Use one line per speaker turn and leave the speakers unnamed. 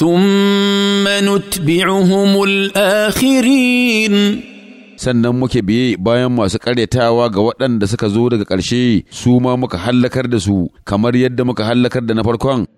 ثم نتبعهم الآخرين sannan muke biye bayan masu karyatawa ga waɗanda suka zo daga ƙarshe su ma muka hallakar da su kamar yadda muka hallakar da na farkon